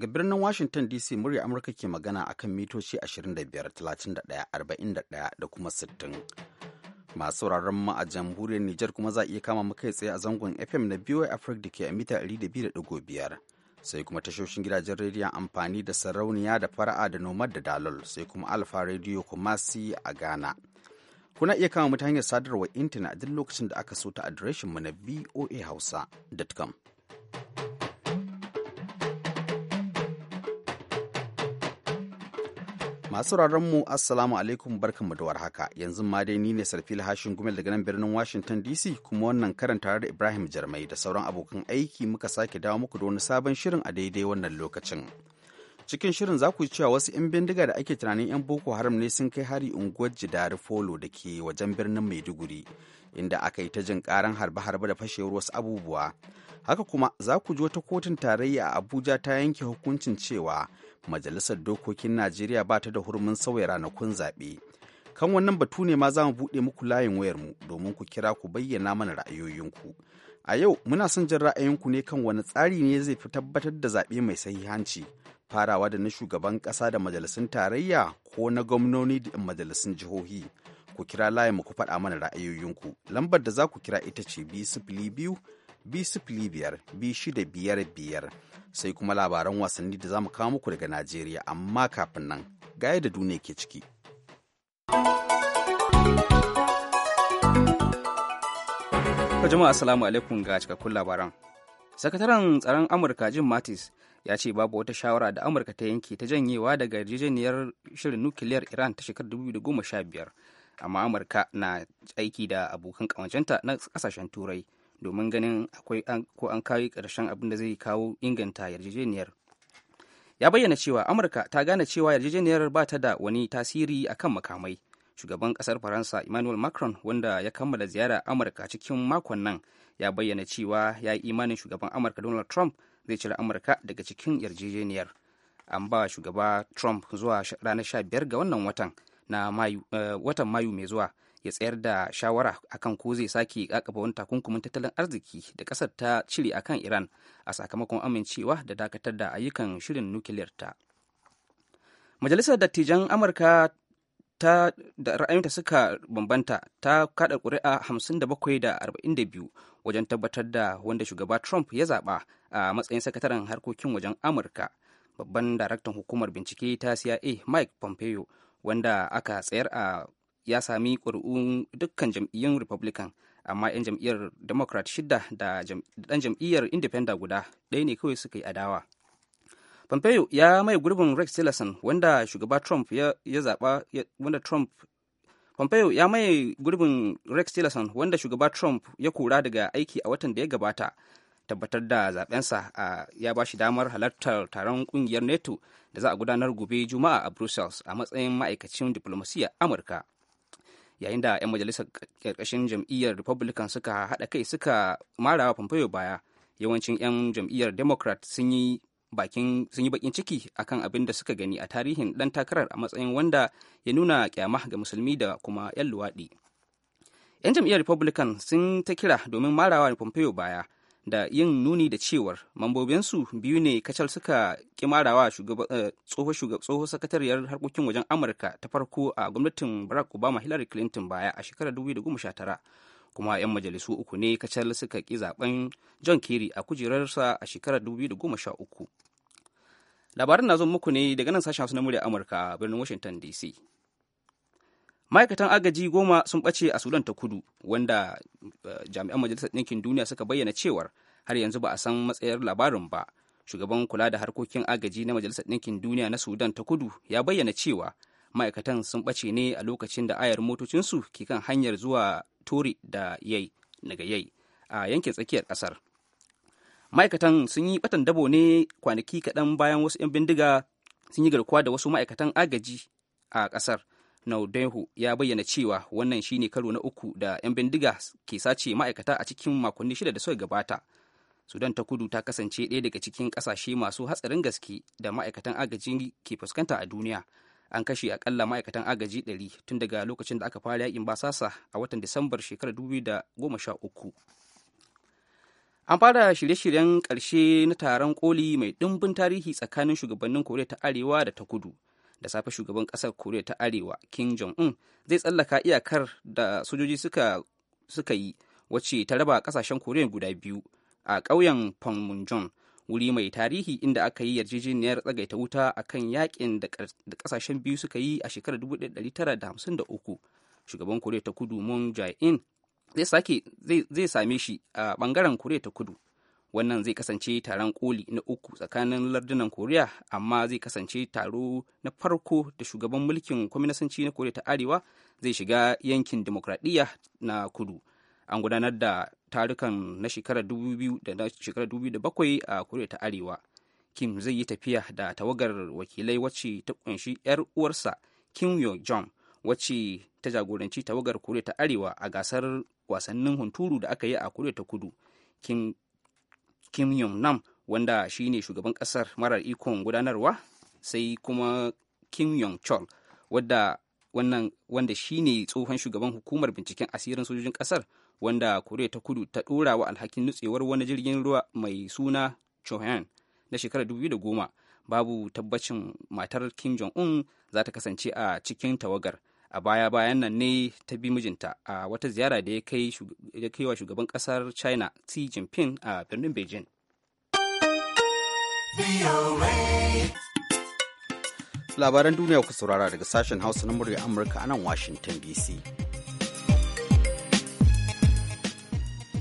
Daga birnin Washington DC murya Amurka ke magana a kan mitoci 25, 31, 41 da kuma 60. Masu sauraron mu a jamhuriyar Nijar kuma za a iya kama kai tsaye a zangon FM na BOA Africa da ke a mita 200.5. Sai kuma tashoshin gidajen rediyo amfani da sarauniya da fara'a da nomad da dalol sai kuma alfa rediyo kumasi a Ghana. Kuna iya kama mutane hanyar sadarwar intanet a duk lokacin da aka so ta adireshinmu na voahausa.com. Masu mu Assalamu alaikum barkanmu da warhaka. Yanzu ma dai ni ne Sarfil Hashin Gumel daga nan birnin Washington DC kuma wannan karan tare da Ibrahim Jarmai da sauran abokan aiki muka sake dawo muku da wani sabon shirin a daidai wannan lokacin. Cikin shirin za ku cewa wasu 'yan bindiga da ake tunanin 'yan Boko Haram ne sun kai hari unguwar Jidari Folo da ke wajen birnin Maiduguri inda aka yi ta jin karan harbe-harbe da fashewar wasu abubuwa. Haka kuma za ku ji wata kotun tarayya a Abuja ta yanke hukuncin cewa majalisar dokokin najeriya ba ta da hurumin sauya ranakun zaɓe kan wannan batu ne ma za mu buɗe muku layin wayarmu domin ku kira ku bayyana mana ra'ayoyinku a yau muna son jin ra'ayinku ne kan wani tsari ne zai fi tabbatar da zaɓe mai sahihanci farawa da na shugaban ƙasa da majalisun tarayya ko na gwamnoni da majalisun jihohi ku kira layin mu ku faɗa mana ra'ayoyinku lambar da za ku kira ita ce biyu sifili biyu biyar sai kuma labaran wasanni da za mu kawo muku daga Najeriya amma kafin nan gaya da duniya ke ciki. jama'a assalamu alaikum ga cikakkun labaran. Sakataren tsaron Amurka Jim Mattis ya ce babu wata shawara da Amurka ta yanke ta janyewa daga yarjejeniyar shirin nukiliyar Iran ta shekarar 2015 amma Amurka na aiki da abokan kawancenta na kasashen Turai domin ganin akwai ko an kawo ƙarshen abin da zai kawo inganta yarjejeniyar ya bayyana cewa amurka ta gane cewa yarjejeniyar ba ta da wani tasiri akan makamai shugaban kasar faransa emmanuel macron wanda ya kammala ziyara amurka cikin makon nan ya bayyana cewa ya yi imanin shugaban amurka donald trump zai cire amurka daga cikin yarjejeniyar an ba shugaba trump zuwa ranar 15 ga wannan eh, watan mayu mai zuwa ya tsayar da shawara akan ko zai sake kakaba wani takunkumin tattalin arziki da kasar ta cire akan iran a sakamakon amincewa da dakatar da ayyukan shirin nukiliyar ta majalisar dattijan amurka ta da ra'ayinta suka bambanta ta kada kuri'a 57 da 42 wajen tabbatar da wanda shugaba trump ya zaɓa a matsayin sakataren harkokin wajen amurka babban daraktan hukumar bincike ta cia mike pompeo wanda aka tsayar a ya sami ƙuri'un dukkan jam'iyyun republican amma 'yan jam'iyyar democrat shida da ɗan jam'iyyar independent guda ɗaya ne kawai suka yi adawa pompeo ya mai gurbin rex tillerson wanda shugaba trump ya, zaba wanda trump pompeo ya mai gurbin rex tillerson wanda shugaba trump ya kura daga aiki a watan da ya gabata tabbatar da zabensa a ya ba shi damar halartar taron kungiyar nato da za a gudanar gobe juma'a a brussels a matsayin ma'aikacin diplomasiya amurka yayin da 'yan majalisar karkashin jam'iyyar republican suka haɗa kai suka marawa pompeo baya yawancin 'yan jam'iyyar democrat sun yi bakin sun yi bakin ciki akan abin da suka gani a tarihin dan takarar a matsayin wanda ya nuna kyama ga musulmi da kuma 'yan luwaɗi 'yan jam'iyyar republican sun ta kira domin marawa pompeo baya da yin nuni da cewar mambobinsu biyu ne kacal suka kimarawa eh, tsoho sakatariyar harkokin wajen amurka ta farko a gwamnatin barack obama hillary clinton baya a shekarar 2019 kuma 'yan majalisu uku ne kacal suka ki zaben john kerry a kujerarsa a shekarar 2013 labarin na zo muku ne daga nan sashen na murya amurka birnin washington dc ma'aikatan agaji goma sun ɓace a sudan ta kudu wanda eh, jami'an majalisar ɗinkin duniya suka bayyana cewar har yanzu ba a san matsayar labarin ba shugaban kula da harkokin agaji na majalisar ɗinkin duniya na sudan ta kudu ya bayyana cewa ma'aikatan sun ɓace ne a lokacin da ayar motocinsu ke kan hanyar zuwa tori da yai daga yai a yankin tsakiyar ƙasar ma'aikatan sun yi ɓatan dabo ne kwanaki kaɗan bayan wasu 'yan bindiga sun yi garkuwa da wasu ma'aikatan agaji a ƙasar Naudehu ya bayyana cewa wannan shine karo na uku da 'yan bindiga ke sace ma'aikata a cikin makonni shida da suka gabata. Sudan ta kudu ta kasance ɗaya daga cikin ƙasashe masu hatsarin gaske da ma'aikatan agaji ke fuskanta a duniya. An kashe akalla ma'aikatan agaji 100 tun daga lokacin da aka fara yakin basasa a watan Disambar shekarar 2013. An fara shirye-shiryen ƙarshe na taron koli mai ɗimbin tarihi tsakanin shugabannin Koriya ta Arewa da ta Kudu. da safe shugaban kasar koriya ta arewa kim jong-un zai tsallaka iyakar da sojoji suka, suka yi wacce ta raba kasashen koriya guda biyu a ƙauyen panmunjom wuri mai tarihi inda aka yi yarjejeniyar tsagaita wuta a kan yakin da kasashen biyu suka yi a shekarar 1953 shugaban koriya ta kudu moon jae-in zai same shi a ɓangaren koriya ta kudu wannan zai kasance taron koli na uku tsakanin lardunan koriya amma zai kasance taro na farko da shugaban mulkin kwaminisanci na koriya ta arewa zai shiga yankin demokradiyya na kudu an gudanar da tarukan na shekarar 2007 a koriya ta arewa kim zai yi tafiya da tawagar wakilai wacce ta kunshi 'yar uwarsa kim yo jong wacce ta jagoranci tawagar koriya ta arewa a gasar wasannin hunturu da aka yi a koriya ta kudu kim kim yong nam wanda shine shugaban kasar marar ikon gudanarwa sai kuma kim yong chol wadda wannan wanda shine tsohon shugaban hukumar binciken asirin sojojin kasar wanda koriya ta kudu ta dora wa alhakin nutsewar wani jirgin ruwa mai suna chohan na shekarar 2010 babu tabbacin matar kim jong un za ta kasance a cikin tawagar a baya-bayan nan ne ta bi mijinta a wata ziyara da ya kai wa shugaban kasar china xi jinping a birnin beijing labaran duniya ku saurara daga sashen hausa na murya amurka a nan washington dc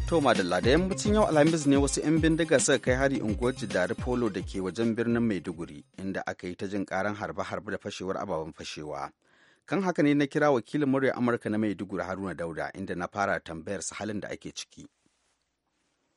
to dalla da yammacin yau alhamis ne wasu 'yan bindiga suka kai hari unguwar jidare polo da ke wajen birnin maiduguri inda aka yi ta jin karan harbe-harbe da fashewar ababen fashewa. kan haka ne na kira wakilin murya amurka na mai maiduguri haruna dauda inda na fara tambayar su halin da ake ciki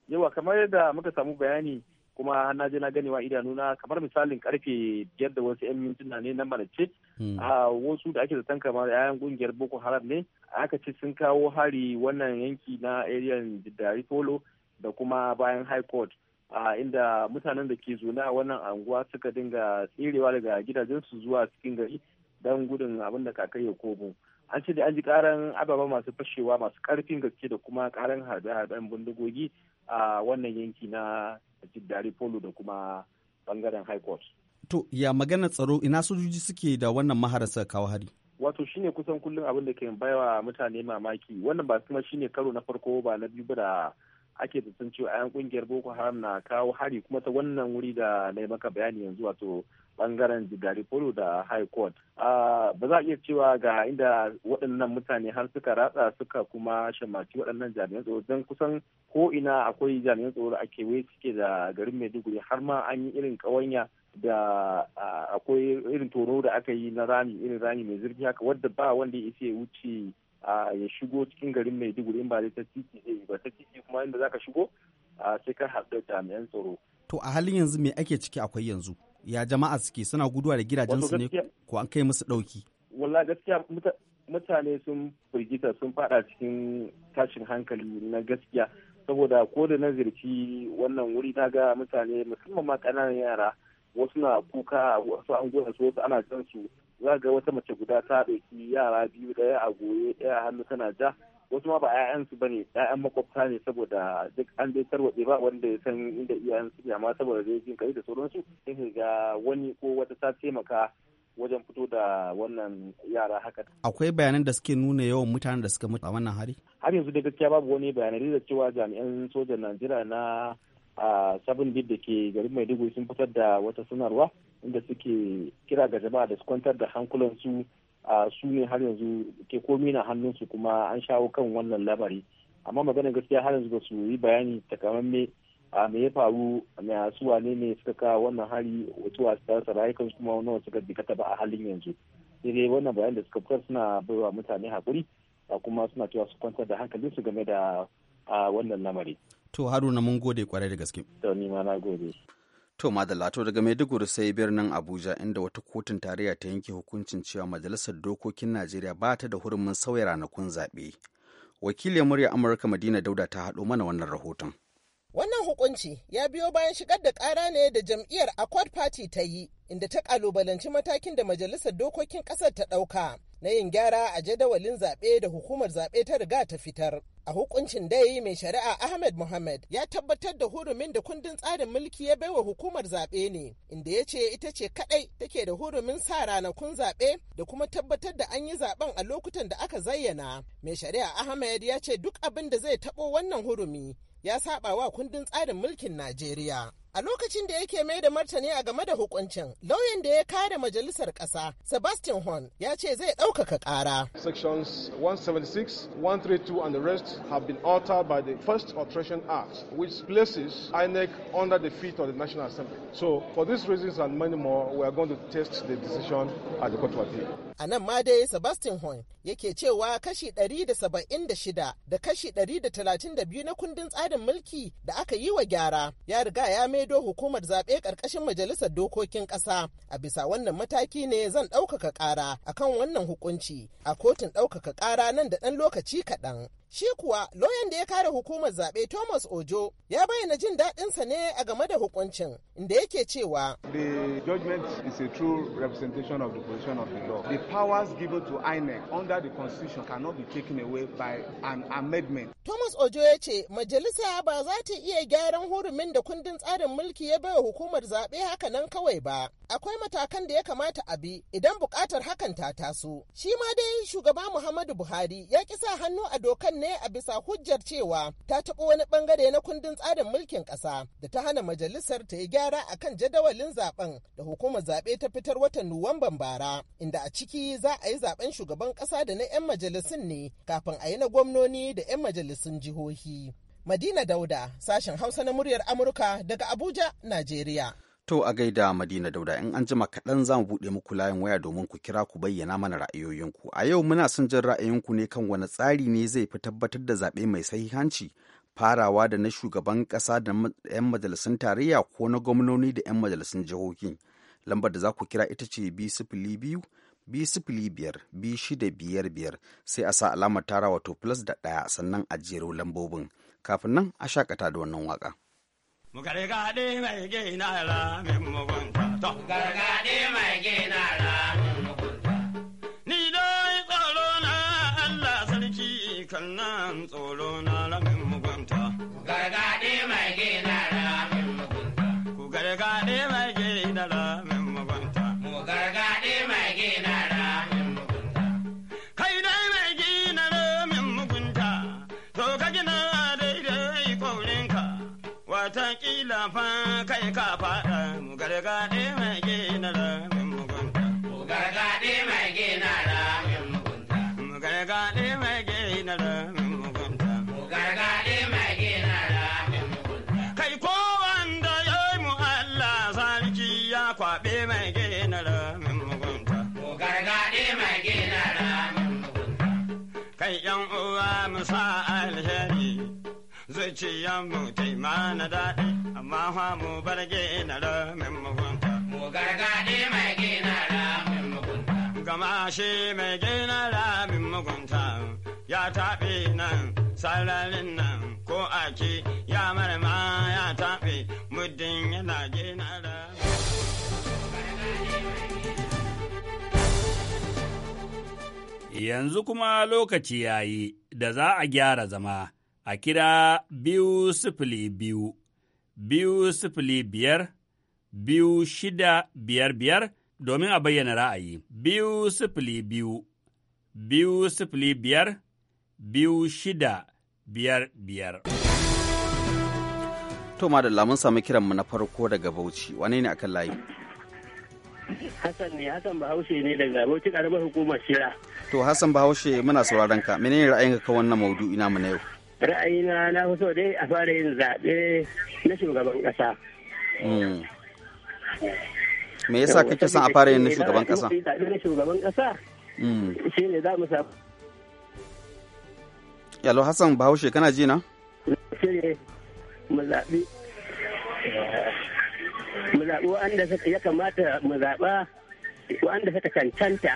yawa kamar yadda muka samu bayani kuma na je na gani wa idanuna kamar misalin karfe biyar da wasu 'yan mintuna ne na malace hmm. a wasu da ake zaton kamar 'ya'yan kungiyar boko haram ne aka ce sun kawo hari wannan yanki na area da polo da kuma bayan high court a inda mutanen da ke zuna wannan anguwa suka dinga tserewa daga gidajensu zuwa cikin gari dan gudun abinda da kakai ya komo an ce da an ji karan ababa masu fashewa masu karfin gaske da kuma karan harbe-harben bindigogi a wannan yanki na jiddari polo da kuma bangaren high court to ya magana tsaro ina sojoji suke da wannan maharasa kawo hari wato shine kusan kullum abin da ke baiwa mutane mamaki wannan ba kuma shine karo na farko ba na biyu ba da ake da cewa ayan kungiyar boko haram na kawo hari kuma ta wannan wuri da na maka bayani yanzu wato bangaren jigari polo da high court ah, ba za a iya cewa ga inda waɗannan mutane har suka ratsa suka kuma shamaci waɗannan jami'an tsaro don kusan ko ina akwai jami'an tsaro a ake wai suke da garin maiduguri har ma an yi irin ƙawanya da akwai irin toro da aka yi na rami irin rami mai zurfi haka wadda ba wanda ya isa ya wuce ya shigo cikin garin maiduguri in ba zai ta titi ba ta titi kuma inda za ka shigo sai ka haɗu da jami'an tsaro to a halin yanzu me ake ciki akwai yanzu ya jama'a suke suna guduwa da gidajensu ne ko an kai musu ɗauki wallahi gaskiya mutane sun firgita sun fada cikin tashin hankali na gaskiya saboda ko da na wannan wuri na ga mutane musamman ma ƙananan yara wasu na kuka wasu an gona su wasu ana jan su za ga wata mace guda ta ɗauki yara biyu ɗaya a goye ɗaya hannu tana ja wasu ma ba 'ya'yansu ba ne 'ya'yan makwabta ne saboda duk an dai tarwaɗe ba wanda ya san inda iyayen su amma saboda dai jin kai da sauransu sai ga wani ko wata ta taimaka wajen fito da wannan yara haka. Akwai bayanan da suke nuna yawan mutanen da suka mutu a wannan hari? Har yanzu da gaskiya babu wani bayanai da cewa jami'an sojan Najeriya na a sabon bid da ke garin Maiduguri sun fitar da wata sanarwa inda suke kira ga jama'a da su kwantar da hankulansu su ne har yanzu ke komi na hannunsu kuma an shawo kan wannan lamari amma magana gaskiya har yanzu ba su yi bayani takamamme me ya faru me su wane ne suka kawo wannan hari wato a tsarsa rayukan kuma nawa suka bikata ba a halin yanzu sai wannan bayan da suka fitar suna baiwa mutane hakuri kuma suna cewa su kwantar da su game da wannan lamari to haruna mun gode kwarai da gaske to ni ma na gode To Lato daga Maiduguri sai birnin Abuja inda wata kotun tarayya ta yanke hukuncin cewa Majalisar Dokokin Najeriya ba ta da hurumin sauya ranakun zaɓe. Wakilin murya Amurka Madina Dauda ta haɗo mana wannan rahoton. Wannan hukunci ya biyo bayan shigar da ƙara ne da jam'iyyar Accord Party ta yi, inda ta ƙalubalanci matakin da Majalisar Dokokin ƙasar ta ɗauka na yin gyara a jadawalin zaɓe da hukumar zaɓe ta riga ta fitar. A hukuncin dai mai shari'a Ahmed Mohamed ya tabbatar da hurumin da kundin tsarin mulki ya baiwa hukumar zaɓe ne, inda ya ce ita ce kaɗai take da hurumin sa ranakun zaɓe da kuma tabbatar da an yi zaɓen a lokutan da aka zayyana. Mai shari'a Ahmed ya ce duk abin da zai taɓo wannan hurumi ya saɓa wa kundin tsarin mulkin Najeriya. A lokacin da yake mai da martani a game da hukuncin, lauyan da ya kare majalisar ƙasa, Sebastian Horn, ya ce zai ɗaukaka ƙara. Sections 176, 132 and the rest have been altered by the First Alteration Act, which places INEC under the feet of the National Assembly. So, for these reasons and many more, we are going to test the decision at the Court of Appeal. A nan ma dai Sebastian Horn yake cewa kashi 176 da kashi 132 na kundin tsarin mulki da aka yi wa gyara ya riga ya mai ido hukumar zaɓe ƙarƙashin majalisar dokokin ƙasa a bisa wannan mataki ne zan ɗaukaka ƙara akan wannan hukunci a kotun ɗaukaka ƙara nan da ɗan lokaci kaɗan Shi kuwa lauyan da ya kare hukumar zaɓe Thomas Ojo ya bayyana jin daɗinsa ne a game da hukuncin inda yake cewa. The judgment is a true representation of the position of the law. The powers given to INEC under the constitution cannot be taken away by an amendment. Thomas Ojo ya ce majalisa ba za ta iya gyaran hurumin da kundin tsarin mulki ya baiwa hukumar zaɓe haka nan kawai ba. Akwai matakan da ya kamata a bi idan bukatar hakan ta taso. Shi ma dai shugaba Muhammadu Buhari ya ƙi sa hannu a dokan ne a bisa hujjar cewa ta taɓa wani ɓangare na kundin tsarin mulkin ƙasa da ta hana majalisar ta yi gyara a kan jadawalin zaben da hukumar zaɓe ta fitar watan Nuwamban bara, inda a ciki za a yi zaben shugaban ƙasa da na 'yan majalisun ne kafin a yi na gwamnoni da 'yan majalisun jihohi. Madina Dauda, sashen Hausa na muryar Amurka daga Abuja, Najeriya. To a gaida Madina Dauda in an jima kaɗan za mu buɗe muku layin waya domin ku kira ku bayyana mana ra'ayoyinku. A yau muna son jin ra'ayinku ne kan wani tsari ne zai fi tabbatar da zaɓe mai sahihanci farawa da na shugaban ƙasa da 'yan majalisun tarayya ko na gwamnoni da 'yan majalisun jihohi. Lambar da za ku kira ita ce b sifili biyu b sifili biyar b shida biyar biyar sai a sa alamar tara wato plus da ɗaya sannan a jero lambobin. Kafin nan a shakata da wannan waka. mu gargaɗe mai gina ramin mugunta. Gargaɗe kwaɓe mai gina ramin mugunta. Ko gargaɗe mai gina ramin mugunta. Kai ‘yan uwa mu sa alheri, zuciyan mu taima na daɗi, amma fa mu bar gina ramin mugunta. Ko gargaɗe mai gina ramin mugunta. Gama shi mai gina ramin mugunta ya taɓe nan sararin nan ko ake ya marma ya taɓe muddin yana gina ramin Yanzu kuma lokaci ya yi da za a gyara zama a kira biyu sifili biyu, biyu sifili biyar, biyu shida biyar biyar domin a bayyana ra'ayi. Biyu sifili biyu, biyu sifili biyar, biyu shida biyar biyar. To da mun sami kiranmu na farko daga Bauchi, wane ne akan layi? Hassan ne Hassan Bahaushe ne daga Bauchi karamar hukumar Shira. To Hassan Bahaushe muna sauraron ka menene ra'ayinka kan wannan ina mu na yau? Ra'ayina na fi so dai a fara yin zaɓe na shugaban ƙasa. Hmm. Me yasa kake son a fara yin na shugaban ƙasa? Zaɓe na shugaban ƙasa? Hmm. Shi ne za mu samu. Yalo Hassan Bahaushe kana ji na? Shi ne mu zaɓi. mu zaɓi wa'anda ya kamata mu zaɓa wa'anda suka cancanta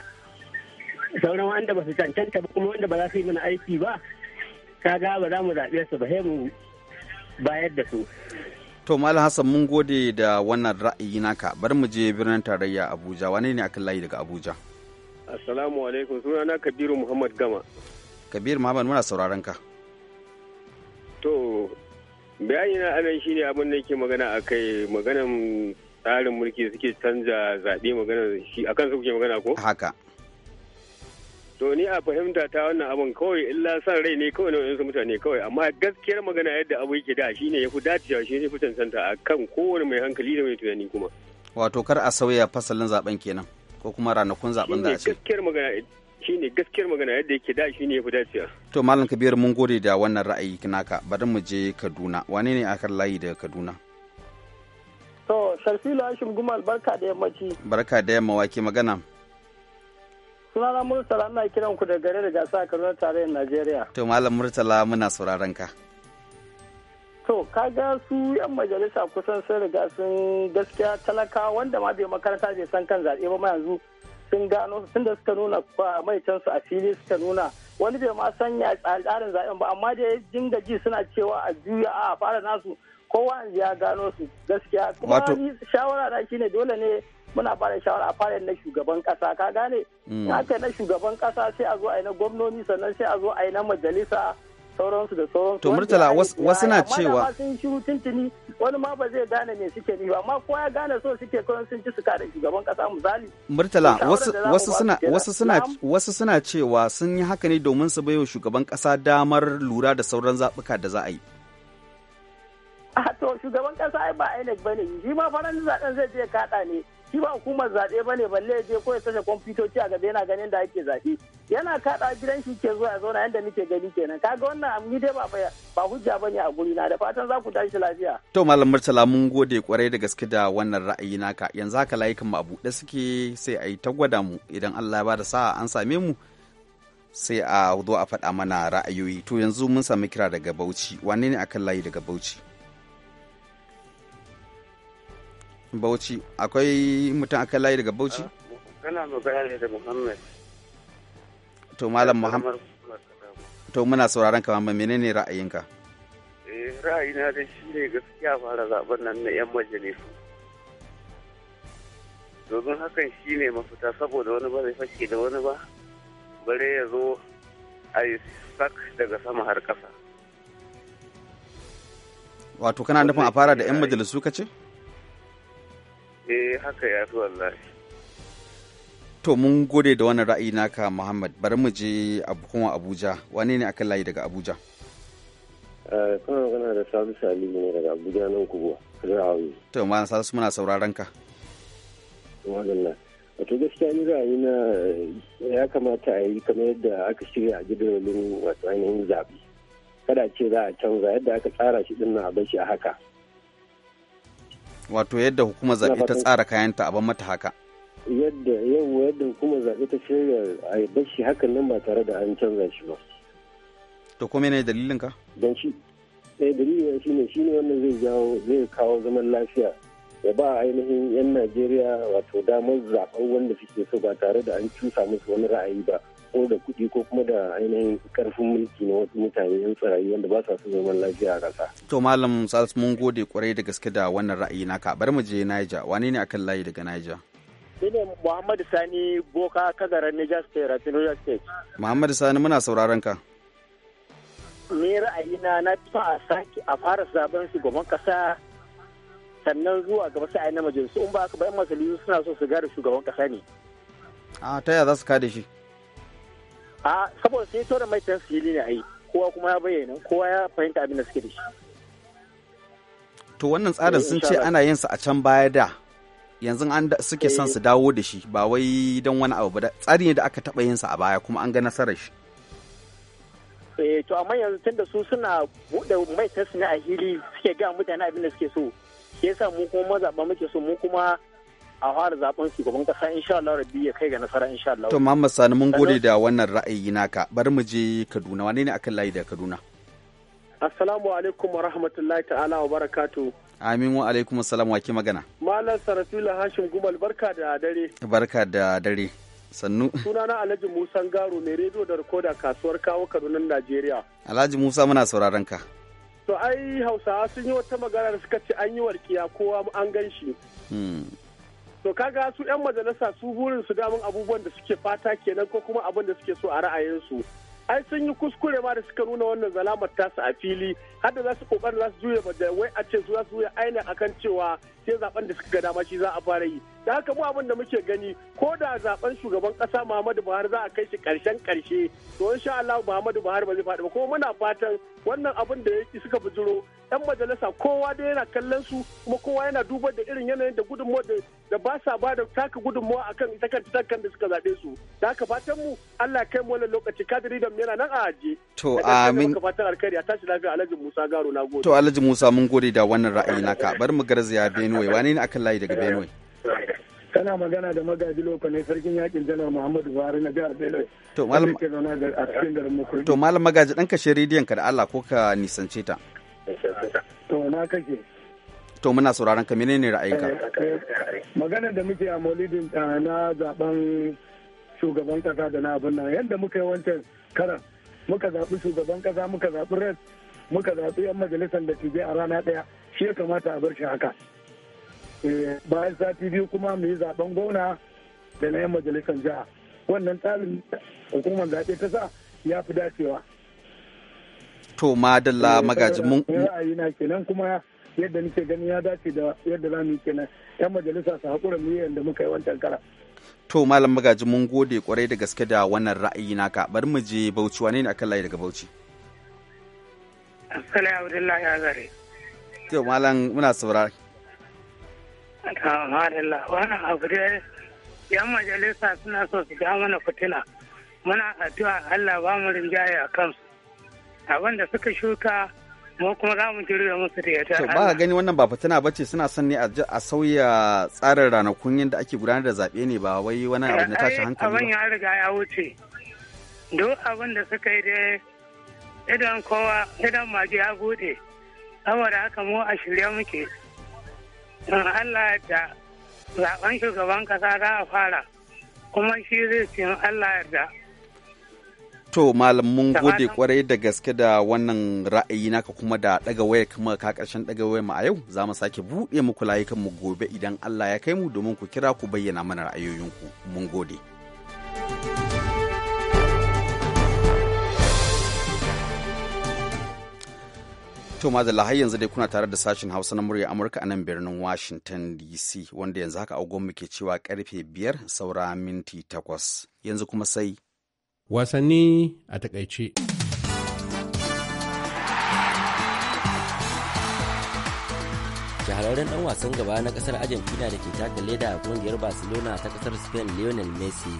sauran wa'anda ba su cancanta ba kuma wanda ba za su yi mana aiki ba kaga ba za mu zaɓe su ba sai mu bayar da su to malam hassan mun gode da wannan ra'ayi naka bar mu je birnin tarayya abuja wane ne akan layi daga abuja assalamu alaikum sunana kabiru muhammad gama kabiru muhammad muna sauraron ka bayani na anan shine abin da yake magana a kai maganan tsarin mulki suke canza zaɓe magana shi a kan kuke magana ko haka to ni a fahimta ta wannan abin kawai illa san rai ne kawai na mutane kawai amma gaskiyar magana yadda abu yake da shine ya fi dacewa shi ne fi cancanta a kan kowane mai hankali da mai tunani kuma wato kar a sauya fasalin zaben kenan ko kuma ranakun zaben da a ce gaskiyar magana shine gaskiyar magana yadda yake da shi ne ya fi to malam kabir mun gode da wannan ra'ayi naka bari mu je kaduna wane ne akar layi daga kaduna to sharfilu hashim gumal barka da yammaci barka da yamma wake magana sunana murtala ina kiran ku da gare da gasa a kaduna tarayyar najeriya to malam murtala muna sauraron ka to kaga su yan majalisa kusan sun riga sun gaskiya talaka wanda ma bai makaranta bai san kan zaɓe ba ma yanzu sun gano tunda suka nuna su a fili suka nuna wani bai ma sanya tsarin zaben ba amma da ya dinga ji suna cewa a juya a fara nasu kowa ya gano su gaskiya kuma shawara na shine dole ne muna fara shawara a fara na shugaban kasa ka gane na mm. na shugaban kasa sai a zo a yi na gwamnoni sannan sai a zo a yi na majalisa sauransu da sauransu. To Murtala wasu na cewa. Wani ma sun ci tuntuni wani ma ba zai gane me suke ni ba amma ko ya gane so suke kawai sun ci su kare shugaban kasa misali. Murtala wasu suna wasu suna cewa sun yi haka ne domin su baiwa shugaban kasa damar lura da sauran zaɓuka da za a yi. A ah, to shugaban kasa ai ba INEC bane shi ma faran zaɓen zai je kaɗa ne. shi ba hukumar zaɓe ba ne balle je ko ya sashe kwamfutoci a gaba yana ganin da ake zaɓe yana kaɗa gidan shi ke zuwa ya zauna yadda muke gani kenan kaga wannan amni dai ba ba hujja ba ne a guri na da fatan za ku tashi lafiya. to malam murtala mun gode kwarai da gaske da wannan ra'ayi naka yanzu haka layukan mu a buɗe suke sai a yi ta gwada mu idan Allah ya ba da sa'a an same mu sai a zo a faɗa mana ra'ayoyi to yanzu mun sami kira daga Bauchi wane ne akan layi daga Bauchi. Bauchi akwai mutum aka layi daga Bauchi? Kana magana ne da Muhammad. To Malam Muhammad. To muna sauraron ka Muhammad menene ra'ayinka? Eh ra'ayina da shi ne gaskiya fara zaben nan na 'yan majalisu. Domin hakan shi ne mafita saboda wani ba zai fashe da wani ba. Bare ya zo a yi sak daga sama har ƙasa. Wato kana nufin a fara da 'yan majalisu ka ce? eh haka ya fi wallahi to mun gode da wannan ra'ayi naka muhammad bari mu je kuma abuja wane ne aka layi daga abuja eh, kuna magana da salisu aliyu ne daga abuja nan kubo ra'ayi to ma salisu muna sauraron ka wannan wato gaskiya ni ra'ayi na eh, ya kamata a yi kamar yadda aka shirya a gidan wato ainihin zaɓe kada ce za a canza yadda aka tsara shi din na a shi a haka wato yadda hukumar zaɓe ta tsara kayanta a ban mata haka yadda yau yadda hukumar zaɓe ta shirya a bashi hakan nan ba tare da an canza shi ba to kuma ne dalilin ka don shi eh dalilin shi ne shi ne wannan zai jawo zai kawo zaman lafiya ya ba ainihin yan Najeriya wato damar zaɓen wanda suke so ba tare da an cusa musu wani ra'ayi ba ko da kuɗi ko kuma da ainihin karfin mulki na wasu mutane yan tsirayi wanda ba sa su zaman lafiya a ƙasa. To Malam Salisu mun gode kwarai da gaske da wannan ra'ayi naka bari mu je Niger wane ne akan layi daga Niger? Ni ne Muhammadu Sani Boka Kagaran Niger State Rafin Niger State. Muhammadu Sani muna sauraron ka. Ni ra'ayina na fi a sake a fara zaben shugaban ƙasa sannan zuwa gaba sai a yi na majalisu in ba ka bayan majalisu suna so su gare shugaban ƙasa ne. A ta yaya za su kada shi? a saboda sai to da mai tafsiri ne ai kowa kuma ya bayyana kowa ya fahimta abin da suke da shi to wannan tsarin eh, sun ce ana yin sa a can baya da yanzu an suke son eh. su dawo da shi ba wai don wani abu ba tsari ne da aka taba yin sa a baya kuma an ga nasarar shi eh to amma yanzu tunda su suna bude mai ne a hili suke ga mutane abin da suke so shi yasa mu kuma mazaɓa muke so mu kuma a fara zaben shugaban kasa insha Allah rabbi ya kai ga nasara insha Allah to Muhammad Sani mun gode da wannan ra'ayi naka bari mu je Kaduna wane ne akan layi da Kaduna Assalamu alaikum wa rahmatullahi ta'ala wa barakatu Amin wa alaikum assalam wa ki magana Malam Sarafila Hashim Gumal barka da dare Barka da dare sannu sunana Alhaji Musa Garo mai rediyo da rikoda kasuwar kawo Kaduna Najeriya Alhaji Musa muna sauraron ka to ai Hausawa sun yi wata magana da suka ce an yi walƙiya kowa an gan shi hmm. to kaga su 'yan majalisa su burin su damun abubuwan da suke fata kenan ko kuma abin da suke so a ra'ayinsu ai sun yi kuskure ma da suka nuna wannan zalamar tasu a fili har da za su kokarin za su juya wai a ce su za su juya ainihin akan cewa sai zaben da suka ga dama shi za a fara yi da haka mu abin da muke gani ko da zaben shugaban kasa Muhammadu Buhari za a kai shi karshen karshe to insha Allah Muhammadu Buhari ba zai faɗi ba kuma muna fatan wannan abin da yake suka bujuro yan majalisa kowa da yana kallon su kuma kowa yana duba da irin yanayin da gudunmuwa da ba sa ba da taka gudunmuwa akan ita takan da suka zaɓe su da haka fatan mu Allah kai mu wannan lokaci kadiri da yana nan a aje to amin ka fatan alkhairi a tashi lafiya Alhaji Musa Garo na gode to Alhaji Musa mun gode da wannan ra'ayi naka bari mu garzaya Benue wane ne akan layi daga Benue Kana magana da magaji ne sarkin yakin janar Muhammadu Buhari na jihar belai To malam magaji dan kashe rediyon ka da Allah ko ka nisance ta. To na kake To muna sauraron ka menene ra'ayinka? Eh, eh, magana da muke a Maulidin eh, na zaben shugaban kasa da na abin nan yadda muka yi wancan karan muka zaɓi shugaban kasa muka zaɓi res muka zaɓi 'yan majalisar da a rana ɗaya shi ya kamata a bar shi haka. bayan sati biyu kuma mu yi zaben gwamna da na yan majalisar jiha wannan tsarin hukumar zaɓe ta sa ya fi dacewa. To madalla eh, magaji mun. Eh, na kenan kuma yadda nake gani ya dace da yadda za mu yi kenan yan majalisa su haƙura mu yi muka yi wancan kara. To malam magaji mun gode kwarai da gaske da wannan ra'ayi naka bari mu je Bauchi wane ne akan layi daga Bauchi? Assalamu alaikum ya gare. To malam muna saurari. Amarilla, wannan abu dai yan majalisa suna so su ja mana fitina. Muna addu'a Allah ba mu rinjaye a kansu. Abin da suka shuka mu kuma za mu jirya musu da yadda. Ba ka gani wannan ba fitina bace suna son ne a sauya tsarin ranakun yadda ake gudanar da zaɓe ne ba wai wani abu na eh, tashi hankali. ba? Abin ya riga ya wuce. Duk abin da suka yi dai idan kowa idan magi ya bude. Saboda haka mu a shirya muke. Allah da shugaban kasa za a fara kuma shi zai cin Allah yarda to malam mun gode kwarai da gaske da wannan ra'ayi naka kuma da daga waya kuma ka karshen daga waya mu a yau za mu sake buɗe muku layukan mu gobe idan Allah ya kai mu domin ku kira ku bayyana mana ra'ayoyinku mun gode. To madalla har yanzu dai kuna tare da sashen Hausa na murya Amurka a nan birnin Washington DC wanda yanzu haka agon ke cewa karfe biyar saura minti takwas. Yanzu kuma sai. Wasanni a takaice. shahararren dan wasan gaba na kasar argentina da ke taka leda a kungiyar barcelona ta kasar spain lionel messi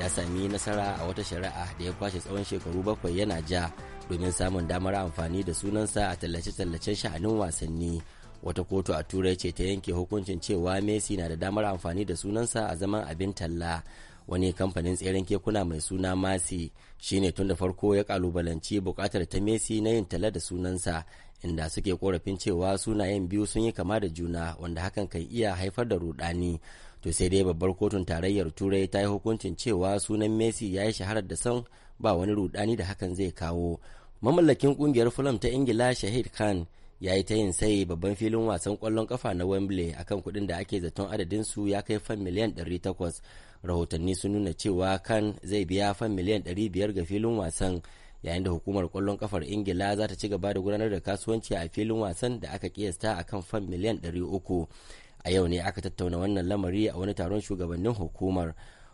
ya sami nasara a wata shari'a da ya kwashe tsawon shekaru bakwai yana ja domin samun damar amfani da sunansa a tallace-tallacen sha'anin wasanni wata kotu a turai ce ta yanke hukuncin cewa messi na da damar amfani da sunansa a zaman abin talla wani kamfanin tseren kekuna mai suna masi shine tun da farko ya kalubalanci bukatar ta messi na yin talla da sunansa inda suke korafin cewa sunayen biyu sun yi kama da juna wanda hakan kan iya haifar da rudani to sai dai babbar kotun tarayyar turai ta yi hukuncin cewa sunan messi ya yi shaharar da son ba wani rudani da hakan zai kawo mamallakin kungiyar fulham ta ingila shahid khan ya yi ta yin sai babban filin wasan kwallon kafa na wembley akan kudin da ake zaton adadin su ya kai fan miliyan 800 rahotanni sun nuna cewa kan zai biya fan miliyan 500 ga filin wasan yayin da hukumar kwallon kafar ingila za ta ci gaba da gudanar da kasuwanci a filin wasan da aka kiyasta a kan fan miliyan 300 a yau ne aka tattauna wannan lamari a wani taron shugabannin hukumar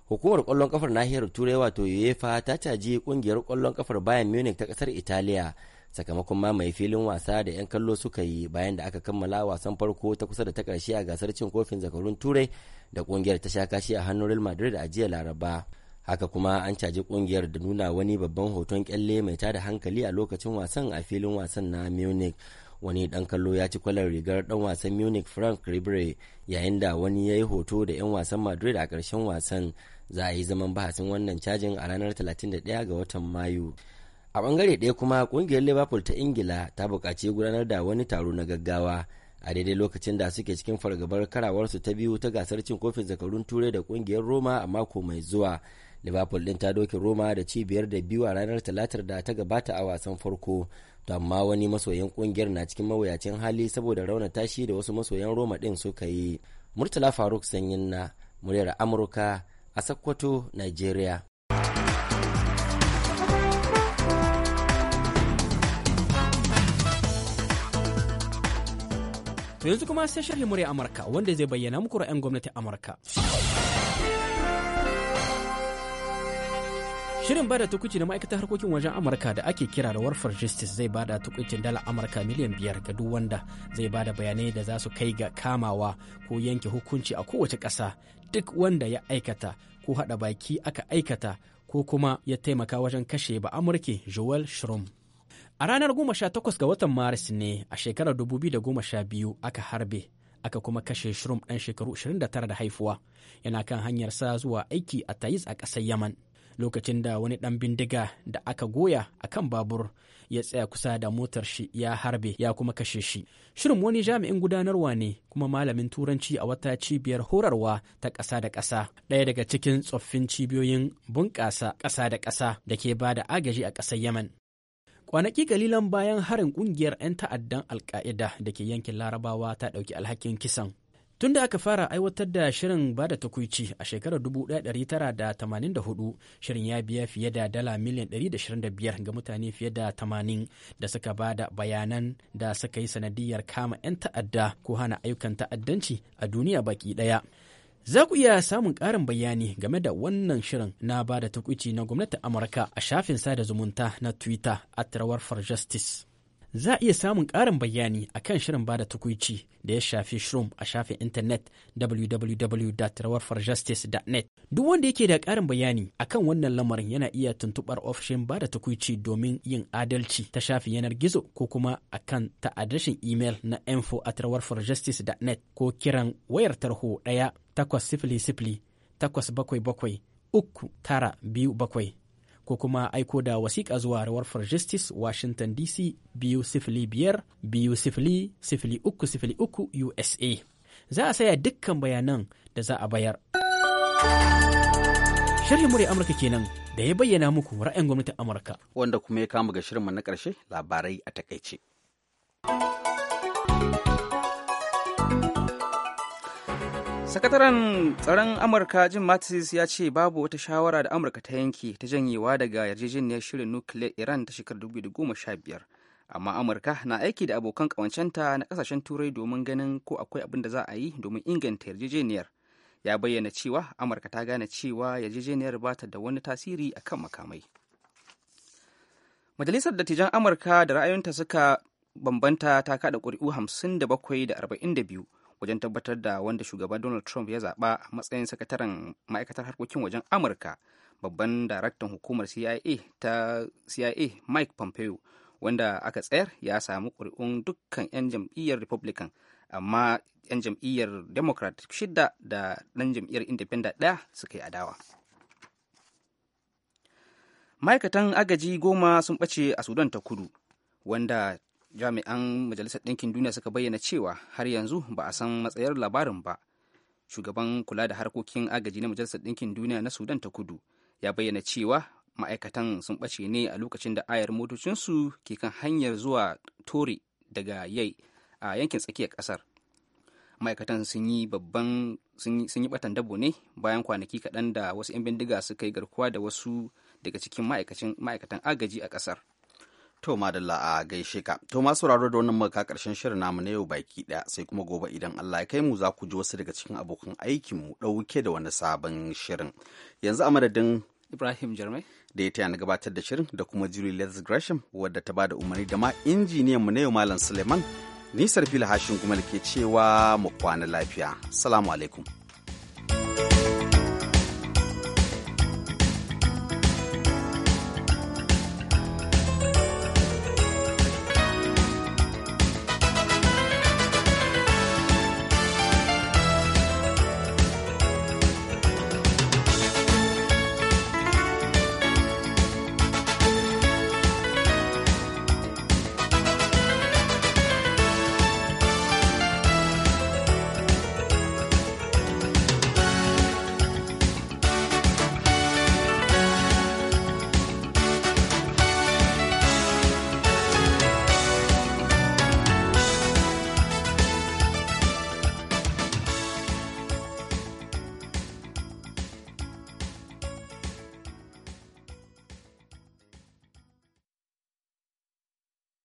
hukumar kwallon kafar nahiyar turai wato uefa ta caji kungiyar kwallon kafar bayan munich ta kasar italiya sakamakon mamaye filin wasa da 'yan kallo suka yi bayan da aka kammala wasan farko ta kusa da ta karshe a gasar cin kofin zakarun turai da kungiyar ta sha kashi a hannun real madrid a jiya laraba haka kuma an caji kungiyar da nuna wani babban hoton kyalle mai tada hankali a lokacin wasan a filin wasan na munich wani dan kallo ya ci kwalar rigar dan wasan munich frank ribery yayin da wani ya yi hoto da 'yan wasan madrid a karshen wasan za a yi zaman bahasin wannan cajin a ranar 31 ga watan mayu a bangare ɗaya kuma kungiyar liverpool ta ingila ta bukaci gudanar da wani taro na gaggawa a daidai lokacin da suke cikin fargabar karawarsu ta biyu ta gasar cin kofin zakarun turai da kungiyar roma a mako mai zuwa liverpool ɗin ta doke roma da cibiyar da biyu a ranar talatar da ta gabata a wasan farko to amma wani masoyan kungiyar na cikin mawuyacin hali saboda raunata shi da wasu masoyan roma din suka yi murtala faruk sanyin na muryar amurka a sakkwato nigeria yanzu kuma sai sharhi murya amurka wanda zai bayyana muku ra'ayin gwamnatin amurka Shirin bada tukuci da ma'aikatar harkokin wajen Amurka da ake kira da Warfar Justice zai bada tukucin dala Amurka miliyan biyar ga duk wanda zai bada bayanai da za su kai ga kamawa ko yanke hukunci a kowace ƙasa duk wanda ya aikata ko haɗa baki aka aikata ko kuma ya taimaka wajen kashe ba Amurke Joel Shrum. A ranar 18 ga watan Maris ne a shekarar 2012 aka harbe aka kuma kashe Shrum ɗan shekaru 29 da haifuwa yana kan hanyar sa zuwa aiki a Taiz a ƙasar Yaman. lokacin da wani ɗan bindiga da aka goya a kan babur ya tsaya kusa da motar shi ya harbe ya kuma kashe shi. Shirin wani jami'in gudanarwa ne kuma malamin turanci a wata cibiyar horarwa ta ƙasa da ƙasa. Ɗaya daga cikin tsoffin cibiyoyin bunƙasa ƙasa da ƙasa da ke ba da agaji a ƙasar Yemen. kwanaki kalilan bayan harin kungiyar 'yan ta'addan alka'ida da ke yankin larabawa ta ɗauki alhakin kisan Tun da aka fara aiwatar da shirin ba da a shekarar 1984, shirin ya biya fiye da dala miliyan 125 ga mutane fiye da 80 da suka ba da bayanan da suka yi sanadiyar kama 'yan ta'adda ko hana ayyukan ta'addanci a duniya baki ɗaya. Za ku iya samun ƙarin bayani game da wannan shirin na ba da takuici na gwamnatin Amurka a shafin sada zumunta na Twitter a justice. za a iya samun ƙarin bayani a kan shirin bada tukuici da ya shafi shroom a shafin intanet www.rawarforjustice.net. Duk wanda yake da ƙarin bayani a kan wannan lamarin yana iya tuntuɓar ofishin bada tukuici domin yin adalci ta shafin yanar gizo ko kuma a kan ta adreshin imel na info at rawarforjustice.net ko kiran wayar tarho ɗaya takwas sifili sifili takwas bakwai bakwai uku biyu bakwai. ko kuma aiko da wasiƙa zuwa rawarfar Justice Washington DC biyu sifili biyar biyu sifili sifili uku sifili uku USA. Za a saya dukkan bayanan da za a bayar. Shirin murya Amurka kenan da ya bayyana muku ra'ayin gwamnatin Amurka. Wanda kuma ya kama ga shirinmu na karshe labarai a takaice. sakataren tsaron amurka jim mattis ya ce babu wata shawara da amurka ta yanke ta janyewa daga yarjejeniyar shirin nukiliyar iran ta shekarar 2015 amma amurka na aiki da abokan kawancenta na kasashen turai domin ganin ko akwai abin da za a yi domin inganta yarjejeniyar ya bayyana cewa amurka ta gane cewa yarjejeniyar ba ta da wani tasiri a kan makamai majalisar dattijan amurka da ra'ayinta suka bambanta ta kada ƙuri'u 57 da biyu. wajen tabbatar da wanda shugaban donald trump ya zaɓa a matsayin sakataren ma'aikatar harkokin wajen amurka babban daraktan hukumar cia ta cia mike pompeo wanda aka tsayar ya samu ƙuri'un dukkan 'yan jam'iyyar republican amma 'yan jam'iyyar democrat shida da ɗan jam'iyyar independent ɗaya suka yi adawa ma'aikatan agaji goma sun ɓace a sudan ta kudu wanda jami'an majalisar ɗinkin duniya suka bayyana cewa har yanzu ba a san matsayar labarin ba shugaban kula da harkokin agaji na majalisar ɗinkin duniya na sudan ta kudu ya bayyana cewa ma'aikatan sun ɓace ne a lokacin da ayar motocinsu ke kan hanyar zuwa tore daga yai a yankin tsakiyar ƙasar ma'aikatan sun yi babban sun yi batan dabo ne bayan kwanaki kaɗan da wasu 'yan bindiga suka yi garkuwa da wasu daga cikin ma'aikatan agaji a ƙasar To madalla a gaishe ka. To ma sauraro da wannan maka karshen shirin namu na yau baki ɗaya sai kuma gobe idan Allah ya kai mu za ku ji wasu daga cikin abokan aikin mu ɗauke da wani sabon shirin. Yanzu a madadin Ibrahim Jarmai da ya taya na gabatar da shirin da kuma Julie les Gresham wadda ta bada umarni da ma injiniyan mu na yau Malam Suleiman. Nisar fila hashin kuma ke cewa mu kwana lafiya. Salamu alaikum.